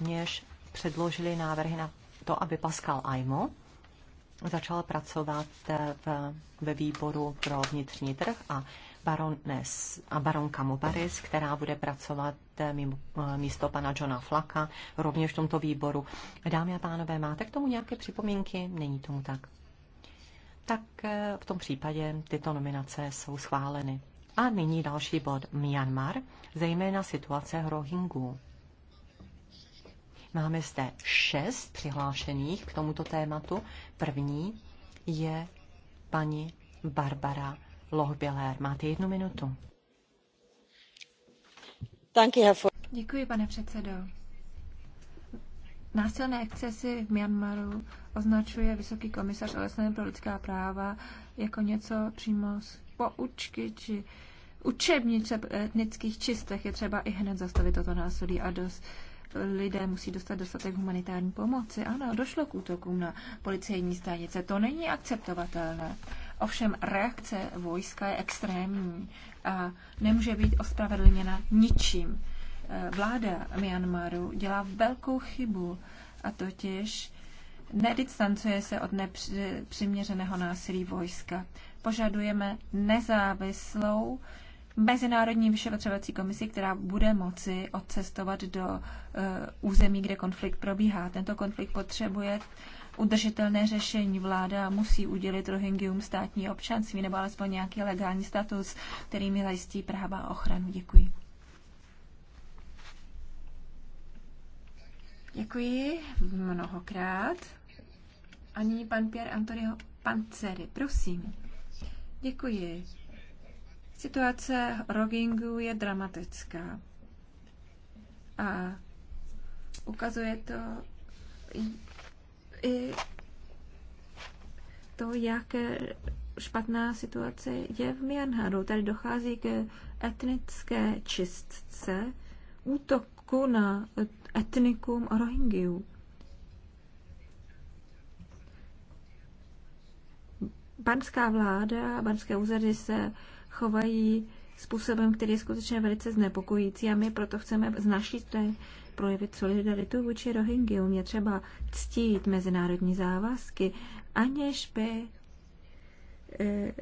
rovněž předložili návrhy na to, aby Pascal Aimo začal pracovat eh, v, ve výboru pro vnitřní trh a barones a baronka Mubaris, která bude pracovat eh, mimo, eh, místo pana Johna Flaka, rovněž v tomto výboru. Dámy a pánové, máte k tomu nějaké připomínky? Není tomu tak. Tak v tom případě tyto nominace jsou schváleny. A nyní další bod Myanmar, zejména situace Rohingů. Máme zde šest přihlášených k tomuto tématu. První je paní Barbara Lohbělér. Máte jednu minutu. Děkuji, pane předsedo. Násilné excesy v Myanmaru označuje Vysoký komisař OSN pro lidská práva jako něco přímo z poučky či učebnice etnických čistech. Je třeba i hned zastavit toto násilí a dost lidé musí dostat dostatek humanitární pomoci. Ano, došlo k útokům na policejní stanice. To není akceptovatelné. Ovšem reakce vojska je extrémní a nemůže být ospravedlněna ničím. Eh, vláda Myanmaru dělá velkou chybu a totiž nedistancuje se od nepřiměřeného násilí vojska. Požadujeme nezávislou mezinárodní vyšetřovací komisi, která bude moci odcestovat do uh, území, kde konflikt probíhá. Tento konflikt potřebuje udržitelné řešení. Vláda musí udělit Rohingyům státní občanství nebo alespoň nějaký legální status, mi zajistí práva a ochranu. Děkuji. Děkuji mnohokrát. A nyní pan Pierre Antonio Panceri, prosím. Děkuji. Situace Rogingu je dramatická a ukazuje to i to, jak špatná situace je v Myanmaru. Tady dochází k etnické čistce, útoku na etnikum Rohingyů. Banská vláda, banské úřady se chovají způsobem, který je skutečně velice znepokojící a my proto chceme z naší strany projevit solidaritu vůči Rohingyům. Je třeba ctít mezinárodní závazky, aniž by eh,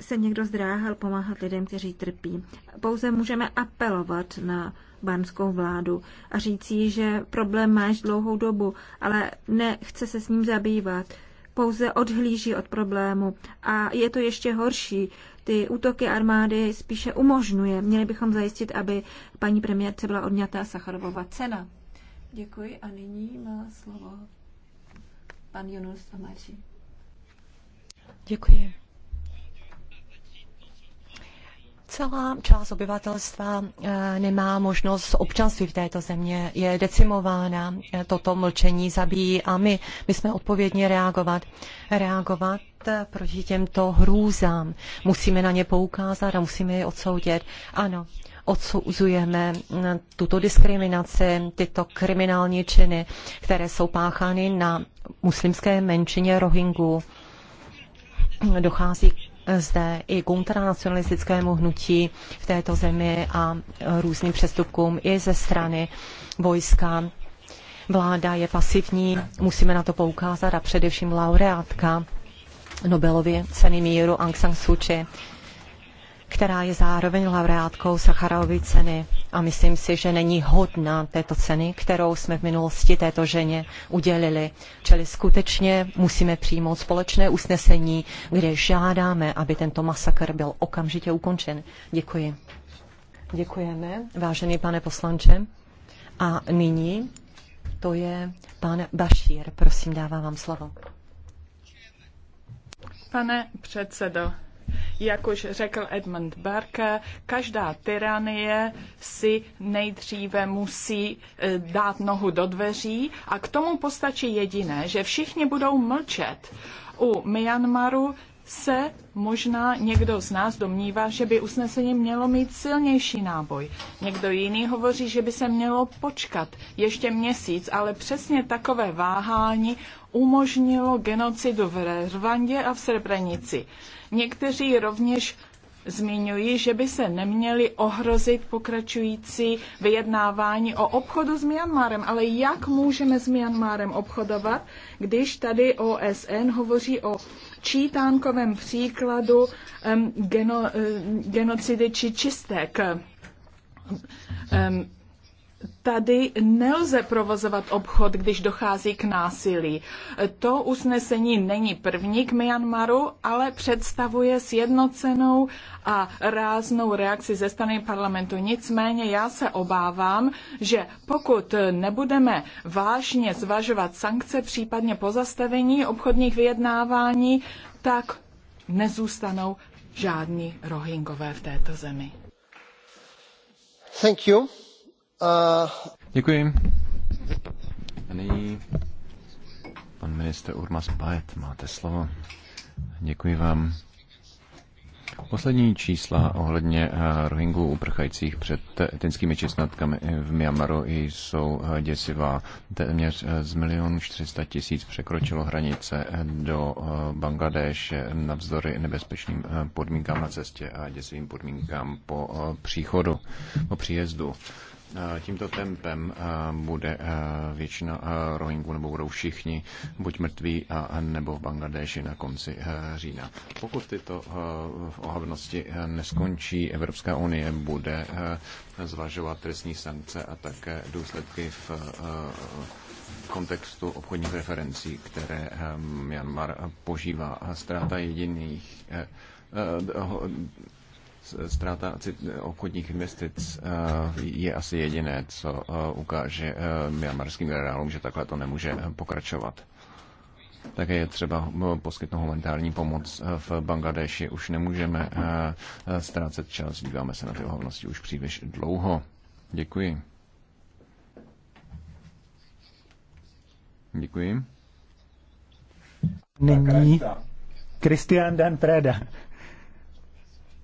se někdo zdráhal pomáhat lidem, kteří trpí. Pouze můžeme apelovat na barmskou vládu a říct jí, že problém máš dlouhou dobu, ale nechce se s ním zabývat pouze odhlíží od problému. A je to ještě horší. Ty útoky armády spíše umožňuje. Měli bychom zajistit, aby paní premiérce byla odňatá Sacharovova cena. Děkuji a nyní má slovo pan Junus Amaji. Děkuji. Celá část obyvatelstva eh, nemá možnost občanství v této země, je decimována, eh, toto mlčení zabíjí a my, my jsme odpovědně reagovat. Reagovat eh, proti těmto hrůzám. Musíme na ně poukázat a musíme je odsoudit. Ano, odsouzujeme tuto diskriminaci, tyto kriminální činy, které jsou páchány na muslimské menšině Rohingů. Dochází zde i k ultranacionalistickému hnutí v této zemi a různým přestupkům i ze strany vojska. Vláda je pasivní, musíme na to poukázat a především laureátka Nobelovy ceny míru Aung San Suu Kyi, která je zároveň laureátkou Sacharovy ceny a myslím si, že není hodná této ceny, kterou jsme v minulosti této ženě udělili. Čili skutečně musíme přijmout společné usnesení, kde žádáme, aby tento masakr byl okamžitě ukončen. Děkuji. Děkujeme, vážený pane poslanče. A nyní to je pan Bašír. Prosím, dávám vám slovo. Pane předsedo, jak už řekl Edmund Burke, každá tyranie si nejdříve musí e, dát nohu do dveří a k tomu postačí jediné, že všichni budou mlčet. U Myanmaru se možná někdo z nás domnívá, že by usnesení mělo mít silnější náboj. Někdo jiný hovoří, že by se mělo počkat ještě měsíc, ale přesně takové váhání umožnilo genocidu v Rwandě a v Srebrenici. Někteří rovněž zmiňují, že by se neměli ohrozit pokračující vyjednávání o obchodu s Myanmarem. Ale jak můžeme s Myanmarem obchodovat, když tady OSN hovoří o čítánkovém příkladu um, geno, um, genocidy či čistek? Um, Tady nelze provozovat obchod, když dochází k násilí. To usnesení není první k Myanmaru, ale představuje sjednocenou a ráznou reakci ze strany parlamentu. Nicméně já se obávám, že pokud nebudeme vážně zvažovat sankce, případně pozastavení obchodních vyjednávání, tak nezůstanou žádní rohingové v této zemi. Thank you. Eh, děkuji. A nyní pan minister Urmas Bajet, máte slovo. Děkuji vám. Poslední čísla ohledně eh, Rohingů uprchajících před etnickými česnatkami v Myanmaru jsou eh, děsivá. Téměř z milionu 400 tisíc překročilo hranice do Bangladéše navzdory nebezpečným podmínkám na cestě a děsivým podmínkám po příchodu, po příjezdu tímto tempem bude většina Rohingů nebo budou všichni buď mrtví a nebo v Bangladeši na konci října. Pokud tyto ohavnosti neskončí, Evropská unie bude zvažovat trestní sankce a také důsledky v kontextu obchodních preferencí, které Myanmar požívá. Ztráta jediných ztráta obchodních investic eh, je asi jediné, co eh, ukáže eh, myanmarským generálům, že takhle to nemůže pokračovat. Také je třeba poskytnout humanitární pomoc v Bangladeši. Už nemůžeme ztrácet čas, díváme se na ty ohovnosti už příliš dlouho. Děkuji. Děkuji. Nyní Christian Dan Preda.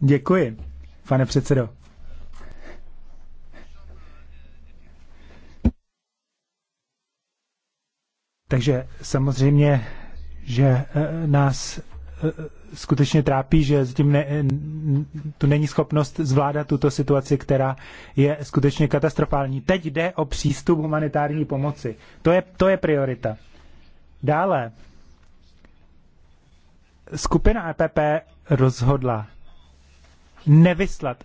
Děkuji, pane předsedo. Takže samozřejmě, že eh, nás eh, skutečně trápí, že zatím ne, eh, tu není schopnost zvládat tuto situaci, která je skutečně katastrofální. Teď jde o přístup humanitární pomoci. To je, to je priorita. Dále, skupina EPP rozhodla, nevyslat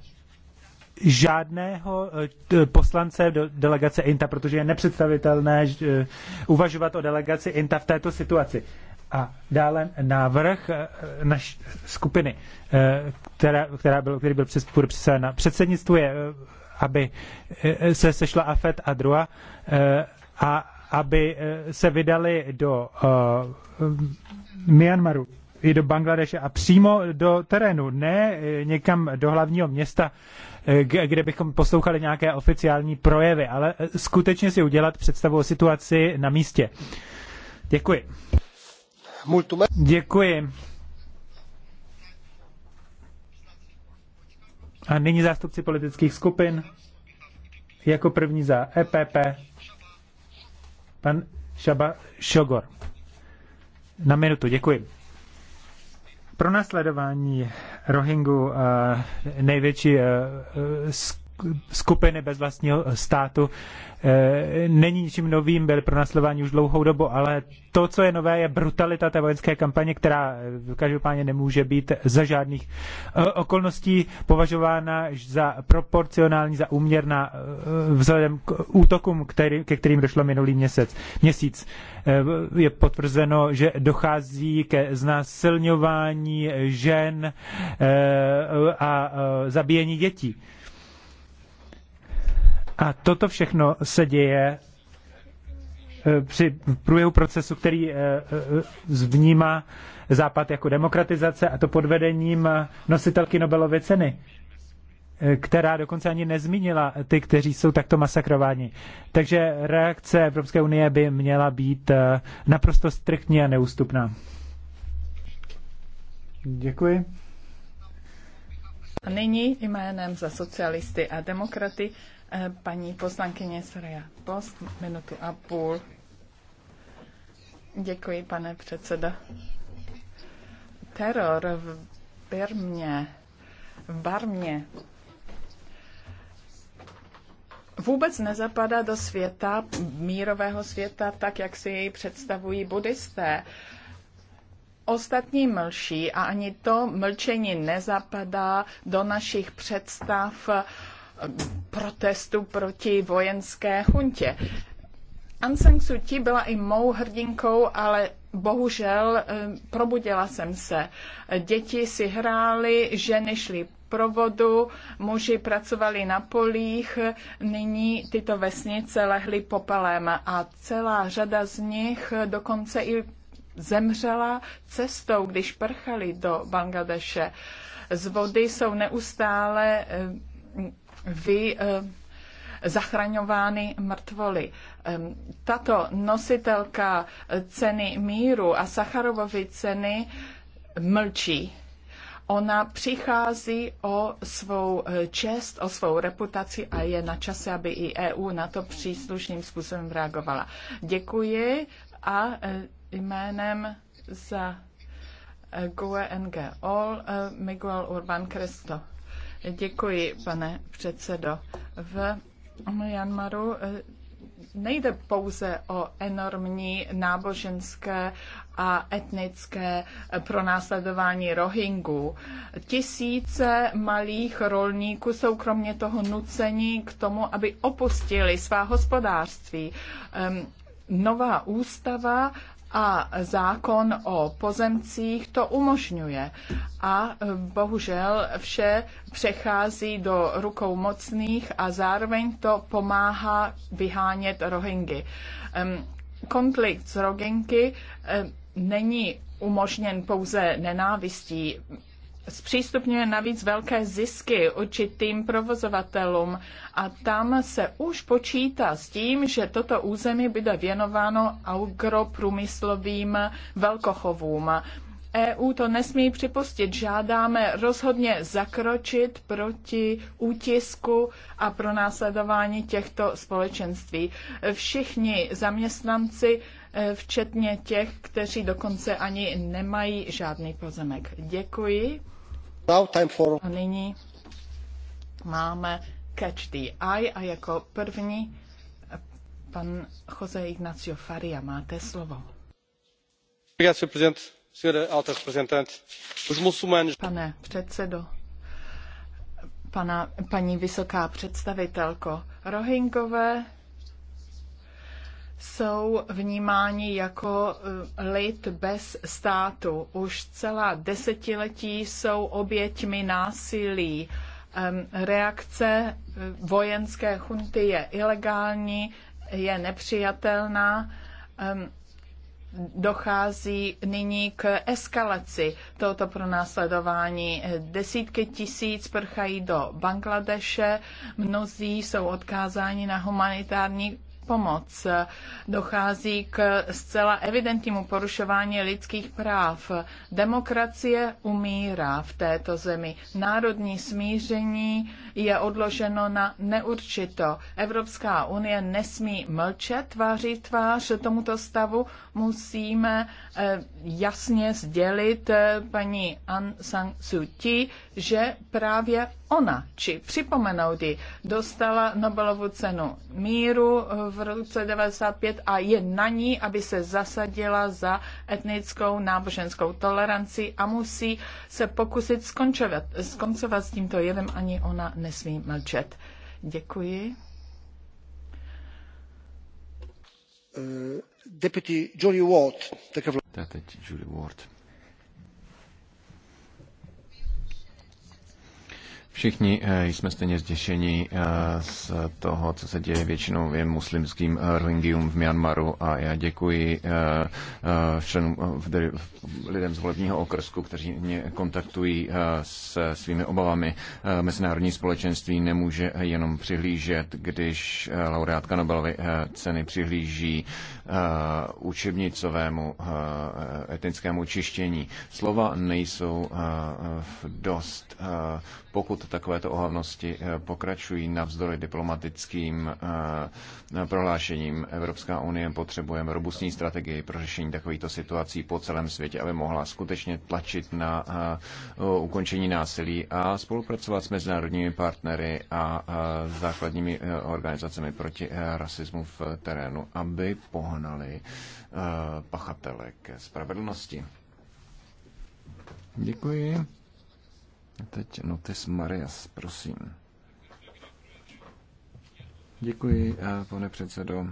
žádného eh, poslance do delegace INTA, protože je nepředstavitelné eh, uvažovat o delegaci INTA v této situaci. A dále návrh eh, naš skupiny, která, která byl, který byl přes, na předsednictvu, je, aby se sešla AFET a DRUA a aby se vydali do uh, Myanmaru i do Bangladeše a přímo do terénu, ne eh, někam do hlavního města, eh, kde bychom poslouchali nějaké oficiální projevy, ale eh, skutečně si udělat představu o situaci na místě. Děkuji. Děkuji. A nyní zástupci politických skupin. Jako první za EPP pan Šaba Šogor. Na minutu, děkuji. Pro následování Rohingu eh, největší eh, eh, skupiny bez vlastního eh, státu eh, není ničím novým, byly pronásledováni už dlouhou dobu, ale to, co je nové, je brutalita té vojenské kampaně, která eh, každopádně nemůže být za žádných okolností považována za proporcionální, za úměrná vzhledem k útokům, který, ke kterým došlo minulý měsíc. měsíc. Je potvrzeno, že dochází ke znásilňování žen a zabíjení dětí. A toto všechno se děje eh, při průběhu procesu, který eh, eh, vnímá Západ jako demokratizace a to pod vedením nositelky Nobelovy ceny, která dokonce ani nezmínila ty, kteří jsou takto masakrováni. Takže reakce Evropské unie by měla být naprosto striktní a neústupná. Děkuji. A nyní jménem za socialisty a demokraty Eh, paní poslankyně Soraya Post, minutu a půl. Děkuji, pane předsedo. Teror v Birmě, v Barmě, vůbec nezapadá do světa, mírového světa, tak jak si jej představují buddhisté. Ostatní mlčí a ani to mlčení nezapadá do našich představ uh, protestu proti vojenské chuntě. Aung San Suu Kyi byla i mou hrdinkou, ale bohužel eh, probudila jsem se. Děti si hrály, ženy šly provodu, muži pracovali na polích, nyní tyto vesnice lehly popelem a celá řada z nich dokonce i zemřela cestou, když prchali do Bangladeše. Z vody jsou neustále eh, vy eh, zachraňovány mrtvoly. Eh, tato nositelka eh, ceny míru a Sacharovovy ceny mlčí. Ona přichází o svou čest, o svou reputaci a je na čase, aby i EU na to příslušným způsobem reagovala. Děkuji a jménem za GUE NGO Miguel Urban Cristo. Děkuji, pane předsedo. V Myanmaru eh, nejde pouze o enormní náboženské a etnické pronásledování Rohingů. Tisíce malých rolníků jsou kromě toho nuceni k tomu, aby opustili svá hospodářství nová ústava a zákon o pozemcích to umožňuje. A eh, bohužel vše přechází do rukou mocných a zároveň to pomáhá vyhánět rohingy. Konflikt s rohingy eh, není umožněn pouze nenávistí zpřístupňuje navíc velké zisky určitým provozovatelům a tam se už počítá s tím, že toto území bude věnováno agroprůmyslovým velkochovům. EU to nesmí připustit. Žádáme rozhodně zakročit proti útisku a pronásledování těchto společenství. Všichni zaměstnanci, e, včetně těch, kteří dokonce ani nemají žádný pozemek. Děkuji nyní máme Catch the Eye a jako první pan Jose Ignacio Faria. Máte slovo. Pane předsedo, pana, paní vysoká představitelko, Rohingové jsou vnímáni jako eh, lid bez státu. Už celá desetiletí jsou oběťmi násilí. Reakce eh, vojenské chunty je ilegální, je nepřijatelná dochází nyní k eskalaci tohoto pronásledování. Desítky tisíc prchají do Bangladeše, mnozí jsou odkázáni na humanitární pomoc. Dochází k zcela evidentnímu porušování lidských práv. Demokracie umírá v této zemi. Národní smíření je odloženo na neurčito. Evropská unie nesmí mlčet tváří tvář tomuto stavu. Musíme eh, jasně sdělit eh, paní Aung San Suu Kyi, že právě ona, či připomenout ji, dostala Nobelovu cenu míru v roce 95 a je na ní, aby se zasadila za etnickou náboženskou toleranci a musí se pokusit skončovat, skoncovat s tímto jevem, ani ona nesmí mlčet. Děkuji. Eh, deputy Julie Ward. Tak teď Julie Ward. Všichni eh, jsme stejně zděšeni eh, z toho, co se děje většinou v muslimským eh, Rohingyům v Myanmaru a já děkuji členům, lidem z volebního okrsku, kteří mě kontaktují s svými obavami. Mezinárodní společenství nemůže jenom přihlížet, když laureátka Nobelovy ceny přihlíží učebnicovému etnickému čištění. Slova nejsou dost. Pokud takovéto ohavnosti eh, pokračují navzdory diplomatickým eh, prohlášením. Evropská unie potřebuje robustní strategii pro řešení takovýchto situací po celém světě, aby mohla skutečně tlačit na eh, ukončení násilí a spolupracovat s mezinárodními partnery a základními organizacemi proti rasismu v terénu, aby pohnali pachatele ke spravedlnosti. Děkuji. Teď Notis Marias, prosím. Děkuji, eh, pane předsedo.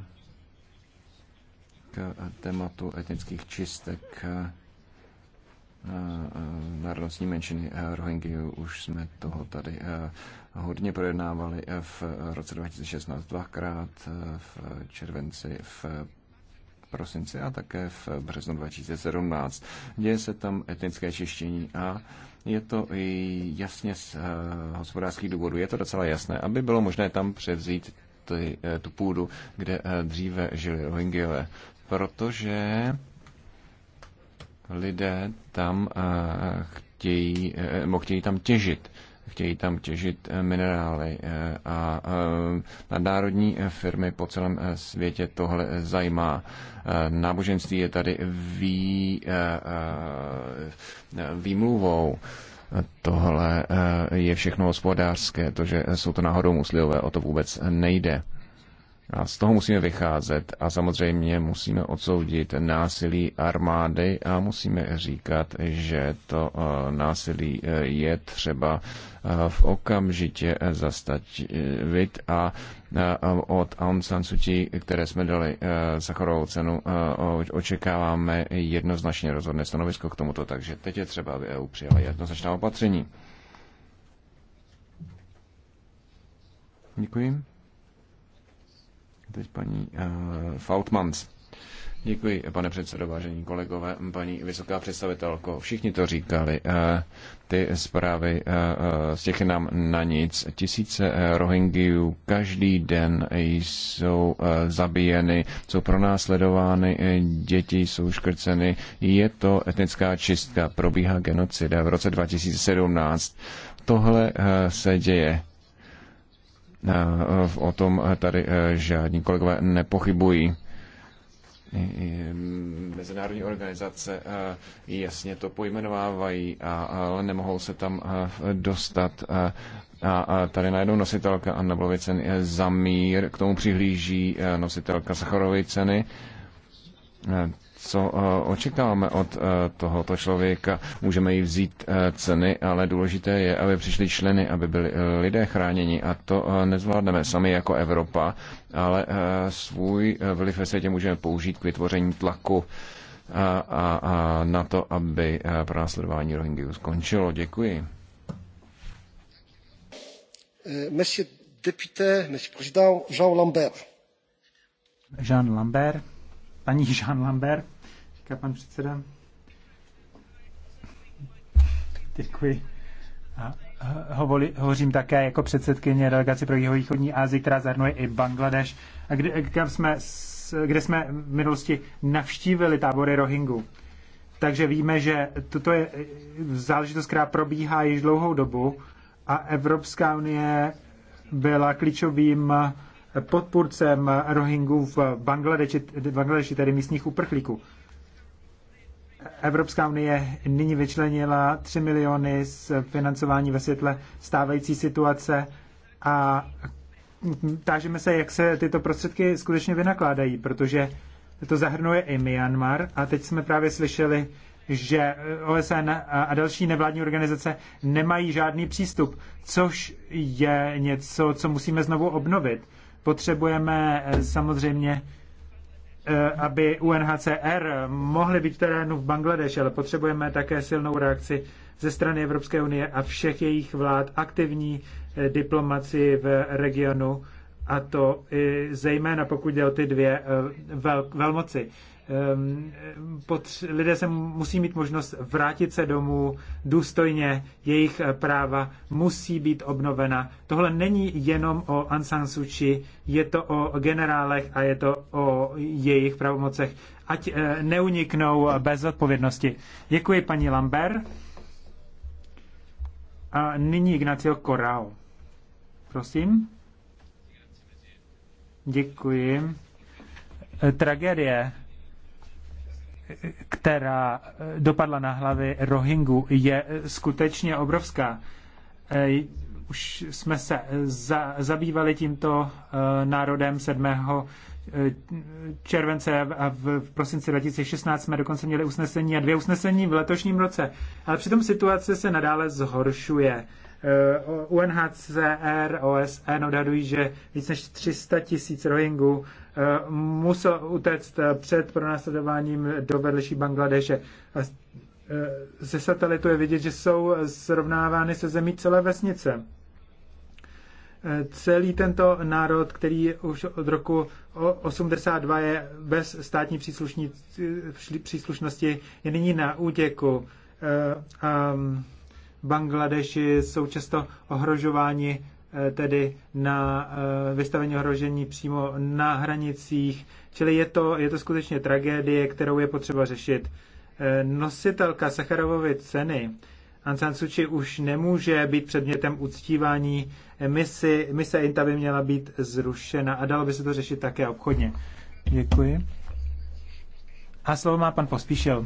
K eh, tématu etnických čistek eh, národnostní menšiny Rohingyů. Už jsme toho tady hodně projednávali v roce 2016 dvakrát, v červenci v prosince a také v březnu 2017. Děje se tam etnické čištění a je to i jasně z eh, hospodářských důvodů. Je to docela jasné, aby bylo možné tam převzít ty, eh, tu půdu, kde eh, dříve žili Rohingyové. Protože lidé tam chtějí, chtějí tam těžit chtějí tam těžit eh, minerály eh, a eh, nadnárodní firmy po celém světě tohle zajímá. Náboženství je tady vý, výmluvou tohle je všechno hospodářské, to, že jsou to náhodou muslimové, o to vůbec nejde. A z toho musíme vycházet a samozřejmě musíme odsoudit násilí armády a musíme říkat, že to eh, násilí eh, je třeba eh, v okamžitě zastavit a od Aung San Suu Kyi, které jsme dali Sacharovou cenu, očekáváme jednoznačně rozhodné stanovisko k tomuto, takže teď je třeba, aby EU přijala jednoznačná opatření. Děkuji teď paní uh, Fautmans. Děkuji, pane předsedo, vážení kolegové, paní vysoká představitelko. Všichni to říkali, eh, ty zprávy eh, z těch nám na nic. Tisíce Rohingyů každý den jsou zabíjeny, jsou pronásledovány, děti jsou škrceny. Je to etnická čistka, probíhá genocida v roce 2017. Tohle se děje Eh, o tom eh, tady eh, žádní kolegové nepochybují. Mezinárodní organizace jasně to pojmenovávají, ale nemohou se tam dostat. A tady najednou nositelka Anna Blově ceny za mír, k tomu přihlíží nositelka Sacharovy ceny co eh, očekáváme od eh, tohoto člověka. Můžeme jí vzít eh, ceny, ale důležité je, aby přišli členy, aby byli lidé chráněni a to nezvládneme sami jako Evropa, ale svůj vliv ve světě můžeme použít k vytvoření tlaku a, a, a na to, aby pronásledování Rohingyů skončilo. Děkuji. Monsieur député, monsieur président Jean Lambert. Jean Lambert paní Jean Lambert, říká pan předseda. Děkuji. A hovoli, hovořím také jako předsedkyně delegace pro jihovýchodní Asii, která zahrnuje i Bangladeš, a kde, kam jsme, kde jsme v minulosti navštívili tábory Rohingu. Takže víme, že toto je záležitost, která probíhá již dlouhou dobu a Evropská unie byla klíčovým podpůrcem Rohingů v Bangladeši, Bangladeši tedy místních uprchlíků. Evropská unie nyní vyčlenila 3 miliony z financování ve světle stávající situace a tážeme se, jak se tyto prostředky skutečně vynakládají, protože to zahrnuje i Myanmar a teď jsme právě slyšeli, že OSN a další nevládní organizace nemají žádný přístup, což je něco, co musíme znovu obnovit. Potřebujeme eh, samozřejmě, eh, aby UNHCR mohly být v terénu v Bangladeši, ale potřebujeme také silnou reakci ze strany Evropské unie a všech jejich vlád aktivní eh, diplomaci v regionu, a to i zejména pokud jde o ty dvě velmoci. Ehm, lidé se musí mít možnost vrátit se domů důstojně, jejich eh, práva musí být obnovena. Tohle není jenom o Aung San Suu Kyi, je to o generálech a je to o jejich pravomocech. Ať eh, neuniknou bez odpovědnosti. Děkuji paní Lambert. A nyní Ignacio Corral. Prosím. Děkuji. Eh, tragédie která eh, dopadla na hlavy Rohingu, je eh, skutečně obrovská. Eh, už jsme se za, zabývali tímto národem 7. července a v, v prosinci 2016 jsme dokonce měli usnesení a dvě usnesení v letošním roce. Ale přitom situace se nadále zhoršuje. UNHCR, OSN odhadují, že víc než 300 tisíc Rohingů musel utéct eh, před pronásledováním do vedlejší Bangladeše. Eh, ze satelitu je vidět, že jsou srovnávány se zemí celé vesnice. Eh, celý tento národ, který už od roku 82 je bez státní příslušnosti, je nyní na útěku. Mm, Bangladeši jsou často ohrožováni Eh, tedy na eh, vystavení ohrožení přímo na hranicích. Čili je to, je to skutečně tragédie, kterou je potřeba řešit. Eh, nositelka Sacharovovy ceny Ansan Suči už nemůže být předmětem uctívání. Misi, mise INTA by měla být zrušena a dalo by se to řešit také obchodně. Děkuji. A slovo má pan Pospíšil.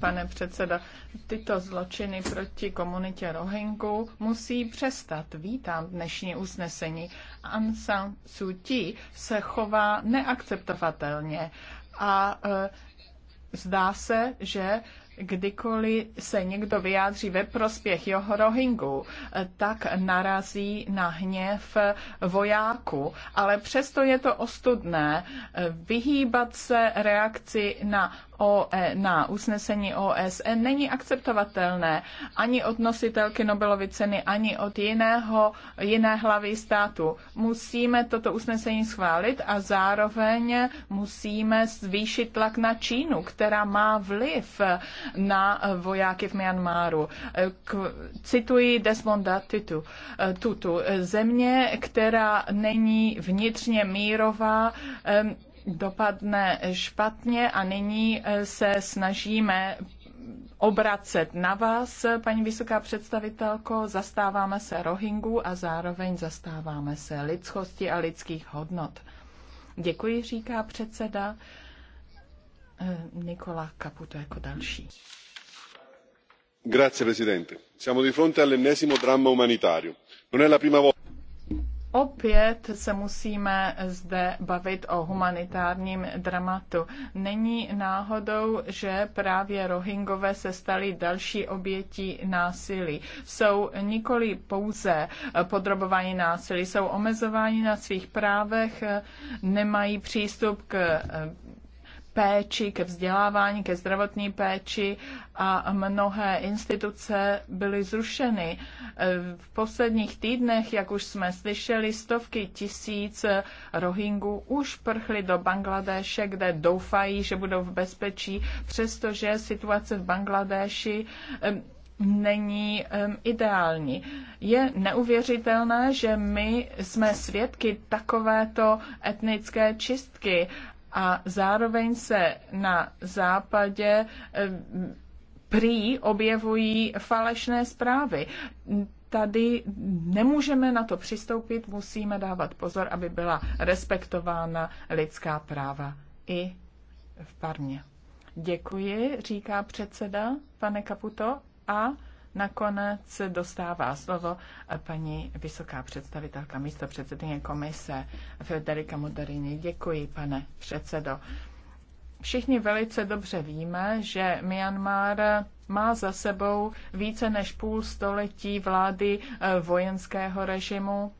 pane předseda, Tyto zločiny proti komunitě Rohingů musí přestat. Vítám dnešní usnesení. Aung San Suu Kyi se chová neakceptovatelně a e, zdá se, že kdykoliv se někdo vyjádří ve prospěch jeho Rohingu, e, tak narazí na hněv vojáku. Ale přesto je to ostudné e, vyhýbat se reakci na o, e, na usnesení OSN není akceptovatelné ani od nositelky Nobelovy ceny, ani od jiného, jiné hlavy státu. Musíme toto usnesení schválit a zároveň musíme zvýšit tlak na Čínu, která má vliv na vojáky v Myanmaru. K, cituji Desmonda Tutu, Tutu. Země, která není vnitřně mírová, dopadne špatně a nyní eh, se snažíme obracet na vás, paní vysoká představitelko. Zastáváme se Rohingů a zároveň zastáváme se lidskosti a lidských hodnot. Děkuji, říká předseda eh, Nikola Caputo jako další. Grazie, Presidente. Siamo di fronte all'ennesimo dramma umanitario. Non è la prima volta. Opět se musíme zde bavit o humanitárním dramatu. Není náhodou, že právě Rohingové se stali další obětí násilí. Jsou nikoli pouze podrobováni násilí, jsou omezováni na svých právech, nemají přístup k péči, ke vzdělávání, ke zdravotní péči a mnohé instituce byly zrušeny. E, v posledních týdnech, jak už jsme slyšeli, stovky tisíc Rohingů už prchly do Bangladéše, kde doufají, že budou v bezpečí, přestože situace v Bangladéši e, není um, ideální. Je neuvěřitelné, že my jsme svědky takovéto etnické čistky a zároveň se na západě eh, prý objevují falešné zprávy. Tady nemůžeme na to přistoupit, musíme dávat pozor, aby byla respektována lidská práva i v Parmě. Děkuji, říká předseda, pane Kaputo, a Nakonec dostává slovo paní vysoká představitelka místo předsedyně komise Federica Moderini. Děkuji, pane předsedo. Všichni velice dobře víme, že Myanmar má za sebou více než půl století vlády eh, vojenského režimu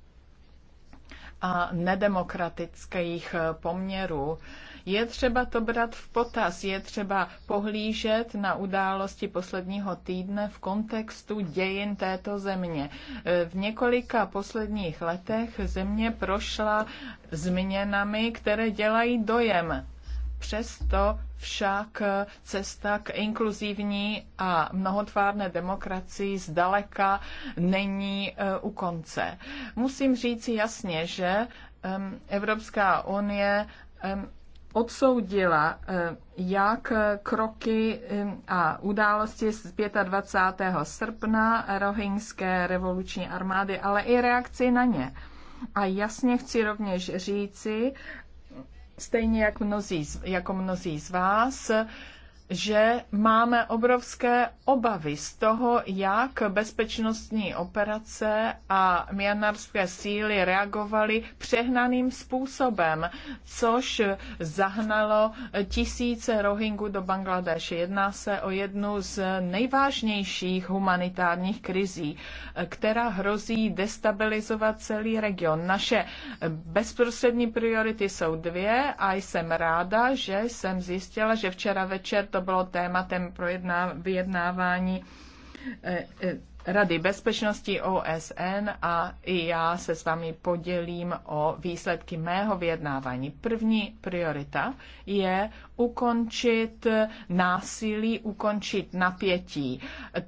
a nedemokratických eh, poměrů. Je třeba to brát v potaz, je třeba pohlížet na události posledního týdne v kontextu dějin této země. V několika posledních letech země prošla změnami, které dělají dojem Přesto však cesta k inkluzivní a mnohotvárné demokracii zdaleka není eh, u konce. Musím říci jasně, že Evropská unie odsoudila eh, jak eh, kroky eh, a události z 25. srpna rohingské revoluční armády, ale i reakci na ně. A jasně chci rovněž říci, stejně jak mnozí, jako mnozí z vás, že máme obrovské obavy z toho, jak bezpečnostní operace a mianarské síly reagovaly přehnaným způsobem, což zahnalo tisíce Rohingů do Bangladeše. Jedná se o jednu z nejvážnějších humanitárních krizí, která hrozí destabilizovat celý region. Naše bezprostřední priority jsou dvě a jsem ráda, že jsem zjistila, že včera večer to to bylo tématem projedná, vyjednávání eh, eh, Rady bezpečnosti OSN a i já se s vámi podělím o výsledky mého vyjednávání. První priorita je ukončit násilí, ukončit napětí.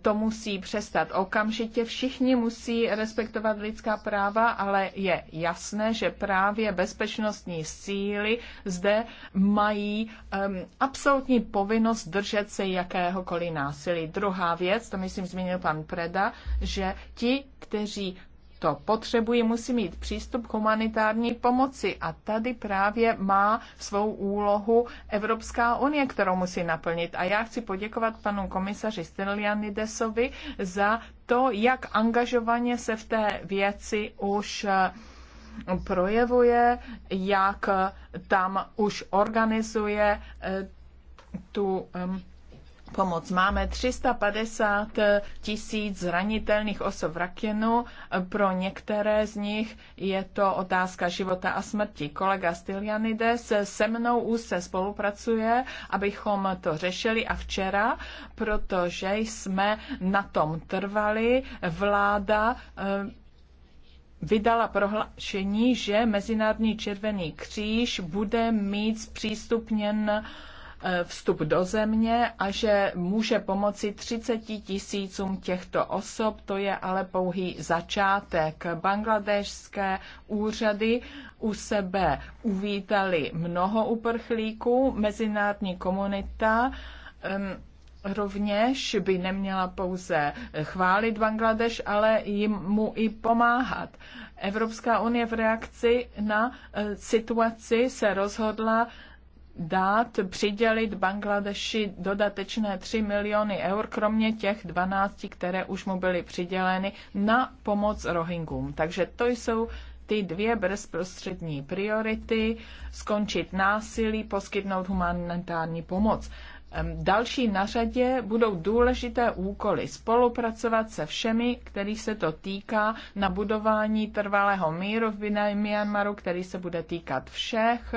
To musí přestat okamžitě. Všichni musí respektovat lidská práva, ale je jasné, že právě bezpečnostní síly zde mají um, absolutní povinnost držet se jakéhokoliv násilí. Druhá věc, to myslím zmínil pan Preda, že ti, kteří to potřebují, musí mít přístup k humanitární pomoci. A tady právě má svou úlohu Evropská unie, kterou musí naplnit. A já chci poděkovat panu komisaři Stylianidesovi za to, jak angažovaně se v té věci už eh, projevuje, jak eh, tam už organizuje eh, tu pomoc. Máme 350 tisíc zranitelných osob v rakenu. Pro některé z nich je to otázka života a smrti. Kolega Stylianides se mnou už se spolupracuje, abychom to řešili a včera, protože jsme na tom trvali, vláda eh, vydala prohlášení, že Mezinárodní červený kříž bude mít zpřístupněn Eh, vstup do země a že může pomoci 30 tisícům těchto osob. To je ale pouhý začátek. Bangladešské úřady u sebe uvítali mnoho uprchlíků, mezinárodní komunita rovněž by neměla pouze chválit Bangladeš, ale jim mu i pomáhat. Evropská unie v reakci na eh, situaci se rozhodla dát, přidělit Bangladeši dodatečné 3 miliony eur, kromě těch 12, které už mu byly přiděleny, na pomoc Rohingům. Takže to jsou ty dvě bezprostřední priority, skončit násilí, poskytnout humanitární pomoc. Další na řadě budou důležité úkoly spolupracovat se všemi, kterých se to týká, na budování trvalého míru v Myanmaru, který se bude týkat všech,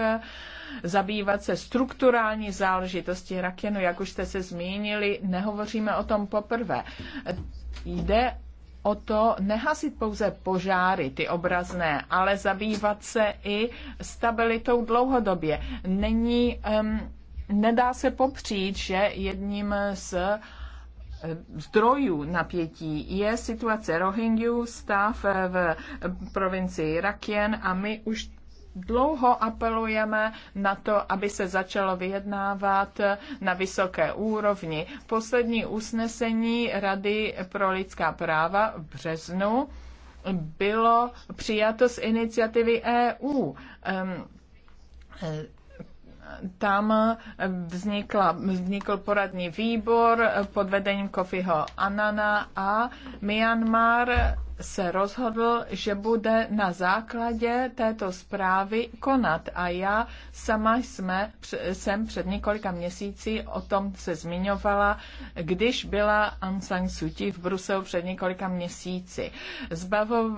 zabývat se strukturální záležitosti Rakenu, jak už jste se zmínili, nehovoříme o tom poprvé. Jde o to nehasit pouze požáry, ty obrazné, ale zabývat se i stabilitou dlouhodobě. Není um, nedá se popřít, že jedním z eh, zdrojů napětí je situace Rohingyů, stav eh, v provincii Rakien a my už dlouho apelujeme na to, aby se začalo vyjednávat eh, na vysoké úrovni. Poslední usnesení Rady pro lidská práva v březnu bylo přijato z iniciativy EU. Um, tam vznikla, vznikl poradní výbor pod vedením Kofiho Anana a Myanmar se rozhodl, že bude na základě této zprávy konat. A já sama jsme, jsem před několika měsíci o tom se zmiňovala, když byla Aung San Suu Kyi v Bruselu před několika měsíci. Zbavov,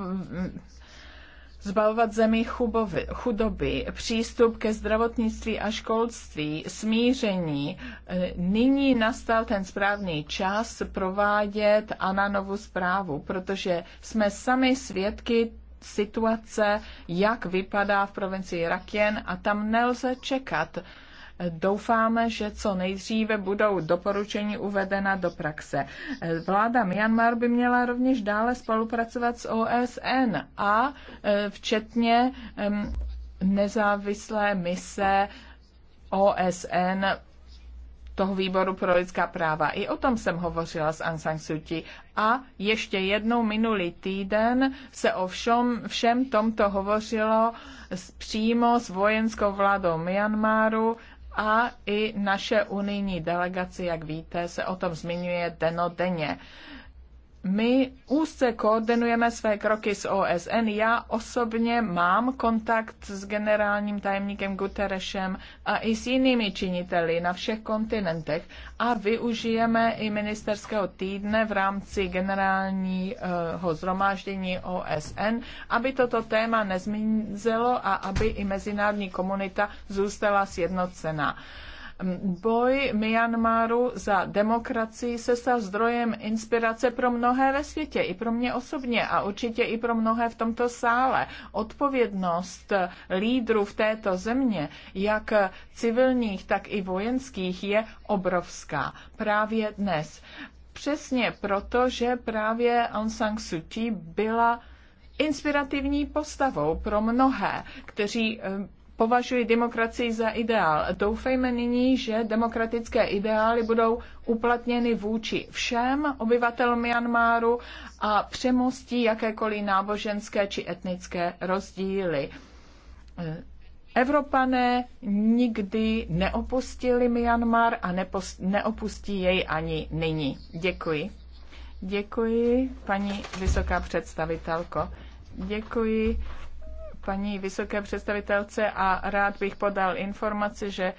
zbavovat zemí chubovi, chudoby, přístup ke zdravotnictví a školství, smíření. E, nyní nastal ten správný čas provádět Ananovu zprávu, protože jsme sami svědky situace, jak vypadá v provincii Rakjen a tam nelze čekat. Doufáme, že co nejdříve budou doporučení uvedena do praxe. Vláda Myanmar by měla rovněž dále spolupracovat s OSN a e, včetně nezávislé mise OSN toho výboru pro lidská práva. I o tom jsem hovořila s Aung San Suu Kyi. A ještě jednou minulý týden se o všem, všem tomto hovořilo s, přímo s vojenskou vládou Myanmaru a i naše unijní delegace, jak víte, se o tom zmiňuje denodenně. My úzce koordinujeme své kroky s OSN. Já osobně mám kontakt s generálním tajemníkem Guterešem a i s jinými činiteli na všech kontinentech a využijeme i ministerského týdne v rámci generálního zhromáždění OSN, aby toto téma nezmizelo a aby i mezinárodní komunita zůstala sjednocená. Boj Myanmaru za demokracii se stal zdrojem inspirace pro mnohé ve světě, i pro mě osobně a určitě i pro mnohé v tomto sále. Odpovědnost lídrů v této země, jak civilních, tak i vojenských, je obrovská. Právě dnes. Přesně proto, že právě Aung San Suu Kyi byla inspirativní postavou pro mnohé, kteří eh, považuji demokracii za ideál. Doufejme nyní, že demokratické ideály budou uplatněny vůči všem obyvatelům Myanmaru a přemostí jakékoliv náboženské či etnické rozdíly. Evropané nikdy neopustili Myanmar a neopustí jej ani nyní. Děkuji. Děkuji, paní vysoká představitelko. Děkuji paní vysoké představitelce a rád bych podal informaci, že